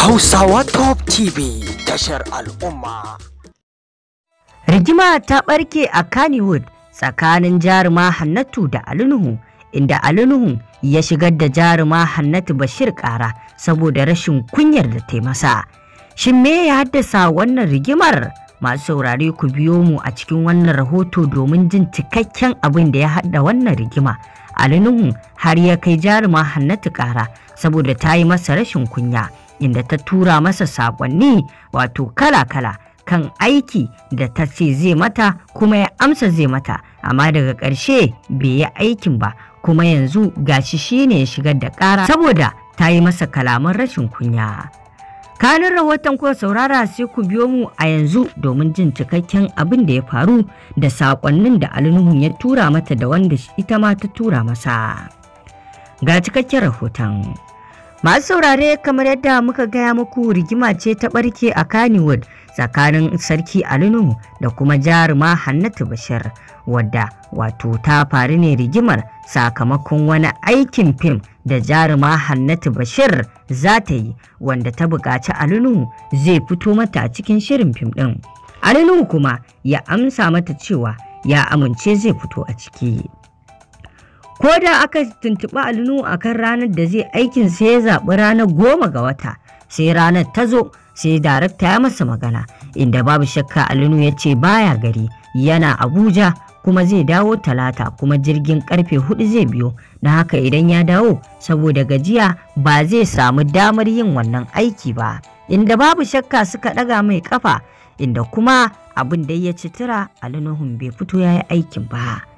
Hausawa Top TV tashar al'umma. Rigima ta ɓarke a Kannywood tsakanin jaruma Hannatu da Alinuhu inda Alinuhu ya shigar da jaruma Hannatu Bashir ƙara saboda rashin kunyar da ta masa. Shin me ya haddasa wannan rigimar? Masu saurare ku biyo mu a cikin wannan rahoto domin jin cikakken abin da ya haɗa wannan rigima. Alinuhu har ya kai jaruma Hannatu ƙara saboda ta yi masa rashin kunya. inda ta tura masa saƙonni wato kala-kala kan aiki da ta ce zai mata kuma ya amsa zai mata amma daga ƙarshe bai yi aikin ba kuma yanzu gashi ne ya shigar da ƙara saboda ta yi masa kalaman rashin kunya. kanin rahoton kuwa saurara sai ku biyo mu a yanzu domin jin cikakken abin da ya faru da saƙonnin da alinuhun ya tura mata da wanda ita ma ta tura masa ga cikakken rahoton Masu saurare kamar yadda muka gaya muku rigima ce ta barke a Kannywood tsakanin Sarki Alinu da kuma jaruma Hannatu Bashir wadda wato ta faru ne rigimar sakamakon wani aikin fim da jaruma Hannatu Bashir za ta yi wanda ta buƙaci Alinu zai fito mata a cikin shirin fim ɗin. Alinu kuma ya amsa mata cewa ya amince zai fito a ciki. ko da aka tuntuɓi alinu a kan ranar da zai aikin sai ya zaɓi ranar goma ga wata sai ranar ta zo sai darakta ya masa magana inda babu shakka alinu ya ce baya gari yana abuja kuma zai dawo talata kuma jirgin karfe hudu zai biyo na haka idan ya dawo saboda gajiya ba zai samu damar yin wannan aiki ba inda babu shakka suka ɗaga mai kafa inda kuma abin da ya ci tura alinuhun bai fito ya yi aikin ba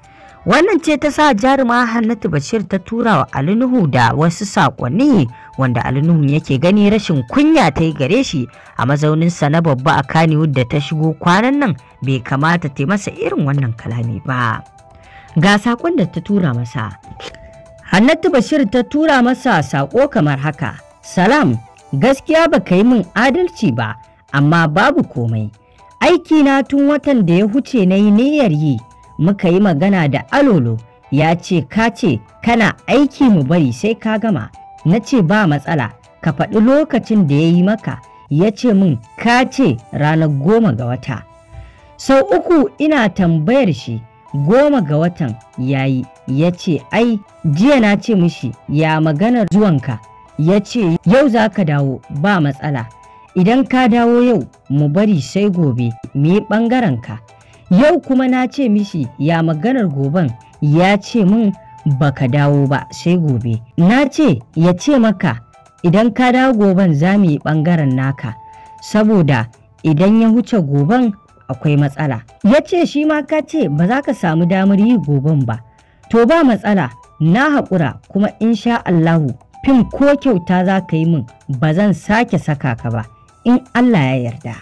Wannan ce ta sa jaruma Hannatu Bashir ta tura wa Alinuhu da wasu saƙonni wanda Alinuhu yake gani rashin kunya ta yi gare shi a mazauninsa na babba a Kanewood da ta shigo kwanan nan bai kamata ta masa irin wannan kalami ba. Ga saƙon da ta tura masa. Hannatu Bashir ta tura masa saƙo kamar haka. Salam, gaskiya ba ka yi min adalci ba, amma babu komai. Aiki na tun watan da ya huce na yi niyyar yi. muka yi magana da alolo ya ce ka ce kana aiki mu bari sai ka gama na ce ba matsala ka faɗi lokacin da ya yi maka ya ce min ka ce ranar goma ga wata sau uku ina tambayar shi goma ga watan yayi ya ce ai jiya na ce mishi ya maganar zuwanka ya ce yau za ka dawo ba matsala idan ka dawo yau mu bari sai gobe mu yi ɓangarenka Yau kuma na ce mishi ya maganar goben ya ce min baka dawo ba sai gobe. Na ce ya ce maka idan ka dawo goben za mu yi ɓangaren naka saboda idan ya huce goben akwai matsala. Ya ce shi ma ka ce ba za ka samu damar yi goben ba. To ba matsala na haƙura kuma insha Allahu fim ko kyauta za ka yi min ba zan sake saka ka ba in Allah ya yarda.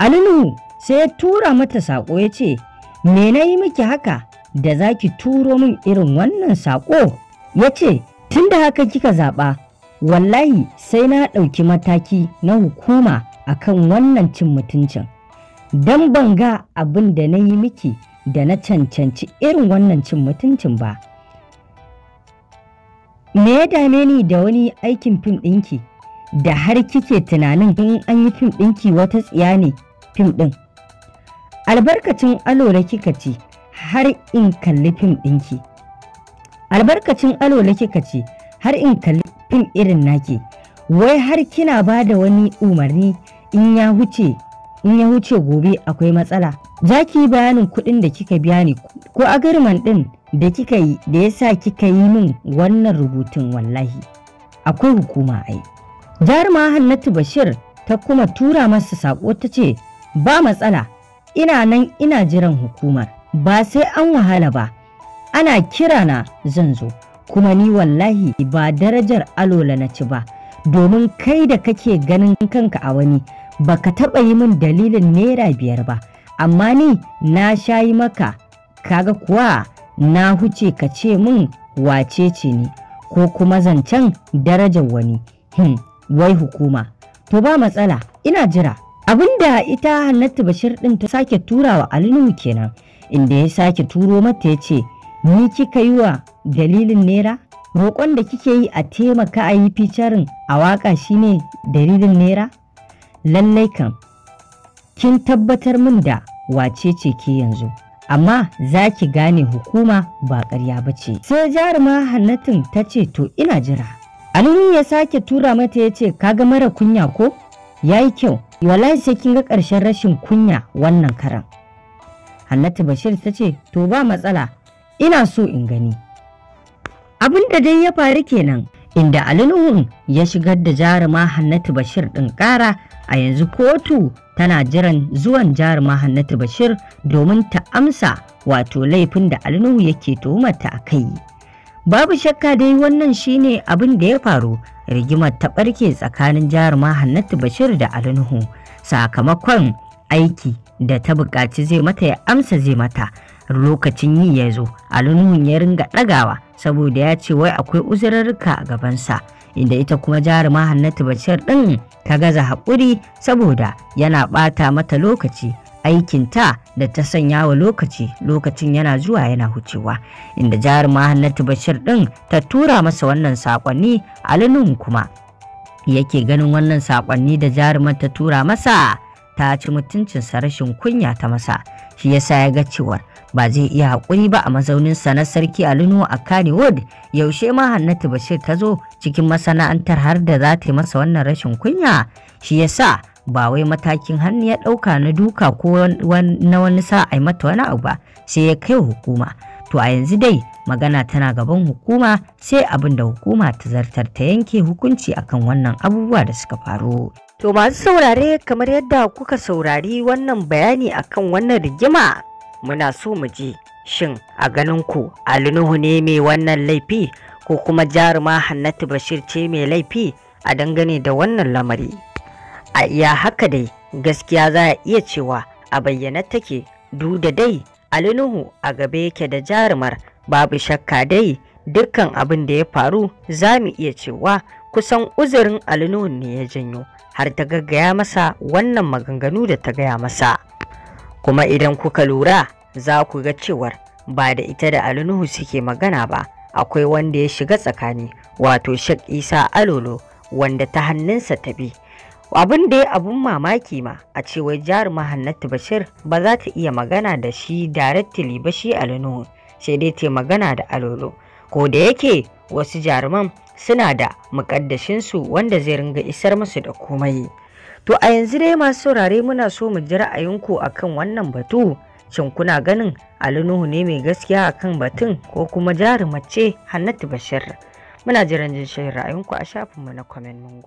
Alinu sai ya tura mata sako ya ce me na yi miki haka da za ki turo min irin wannan saƙo ya ce tun da haka kika zaɓa wallahi sai na ɗauki mataki na hukuma a kan wannan cin mutuncin don ban ga abin da na yi miki da na cancanci irin wannan cin mutuncin ba me ya dame ni da wani aikin fim ɗinki da har kike tunanin in an yi fim ɗinki wata tsiya ne fim ɗin albarkacin alola kika ce har in kalli fim ɗinki albarkacin alola kika ce har in kalli fim irin naki wai har kina ba da wani umarni in ya huce in ya huce gobe akwai matsala za ki yi bayanin kuɗin da kika biya ni ko agirman ɗin da kika yi da ya sa kika yi min wannan rubutun wallahi akwai hukuma ai jaruma hannatu bashir ta kuma tura masa saƙo ta ce ba matsala ina nan ina jiran hukumar ba sai an wahala ba ana kira na zan zo kuma ni wallahi ba darajar alola na ci ba domin kai da kake ganin kanka a wani baka taɓa yi min dalilin naira biyar ba amma ni na shayi maka kaga kuwa na huce ka ce min wace ce ni ko kuma zancen darajar wani hmm, wai hukuma to ba matsala ina jira abinda ita hannatu bashir din ta sake tura wa alinu kenan inda ya sake turo mata ya ce ni kika yi wa dalilin nera? roƙon da kike yi a taimaka a yi ficarin a waƙa shine dalilin naira lallai kan kin tabbatar min da wace ce ke yanzu amma za ki gane hukuma ba karya ba ce sai jaruma hannatin ta ce to ina jira nuhu ya sake tura mata ya ce kaga mara kunya ko ya yi kyau wallahi sai kin ga ƙarshen rashin kunya wannan karan hannatu bashir ta ce to ba matsala ina so in gani abin da dai ya faru kenan inda alinuhun ya shigar da jaruma hannatu bashir ɗin ƙara a yanzu kotu tana jiran zuwan jaruma hannatu bashir domin ta amsa wato laifin da alinuhu yake tuhumarta a kai babu shakka dai wannan shine abin da ya faru rigimar ta ɓarke tsakanin jaruma hannatu bashir da alinuhu sakamakon aiki da ta buƙaci zai mata ya amsa zai mata lokacin yi ya zo alinuhun ya ringa ɗagawa saboda ya ce wai akwai uzurarka a gabansa inda ita kuma jaruma hannatu bashir ɗin ta gaza haƙuri saboda yana ɓata mata lokaci aikinta da ta sanya wa lokaci lokacin yana zuwa yana hucewa inda jihar hannatu bashir ɗin ta tura masa wannan sakonni alinun kuma yake ganin wannan sakonni da jarumar ta tura masa ta ci mutuncinsa rashin kunya ta masa shi yasa ya ga cewar ba zai iya haƙuri ba a mazauninsa na sarki alinu a kanewood yaushe ma hannatu bashir ta zo cikin masana'antar har da za ta yi masa wannan rashin kunya shi yasa ba wai matakin hannu ya ɗauka na duka ko na wani sa'a mata wani abu ba sai ya kai hukuma to a yanzu dai magana tana gaban hukuma sai abin da hukuma ta zartar ta yanke hukunci akan wannan abubuwa da suka faru to masu saurare kamar yadda kuka saurari wannan bayani akan wannan rigima muna so mu ji shin a ganin ku alinuhu ne mai wannan laifi ko kuma jaruma hannatu bashir ce mai laifi a dangane da wannan lamari a iya haka dai gaskiya za a iya cewa a bayyana take du da dai alinuhu a gaba yake da jarumar babu shakka dai dukkan abin da ya faru za mu iya cewa kusan uzurin alinuhu ne ya janyo har ta gaggaya masa wannan maganganu da ta gaya masa kuma idan kuka lura za ku ga cewar ba da ita da alinuhu suke magana ba akwai wanda ya shiga tsakani wato shak isa alolo wanda ta hannunsa ta bi abin da abun mamaki ma a cewar jihar hannatu bashir ba za ta iya magana da shi directly ba shi alinuhu sai dai ta magana da alolo ko da yake wasu jaruman suna da mukaddashinsu wanda zai ringa isar musu da komai to a yanzu dai masu saurare muna so mu ji ra'ayinku akan wannan batu shin kuna ganin alinuhu ne mai gaskiya akan batun ko kuma jarumace hannatu bashir muna jiran jin shirin ra'ayinku a shafinmu na kwamen mun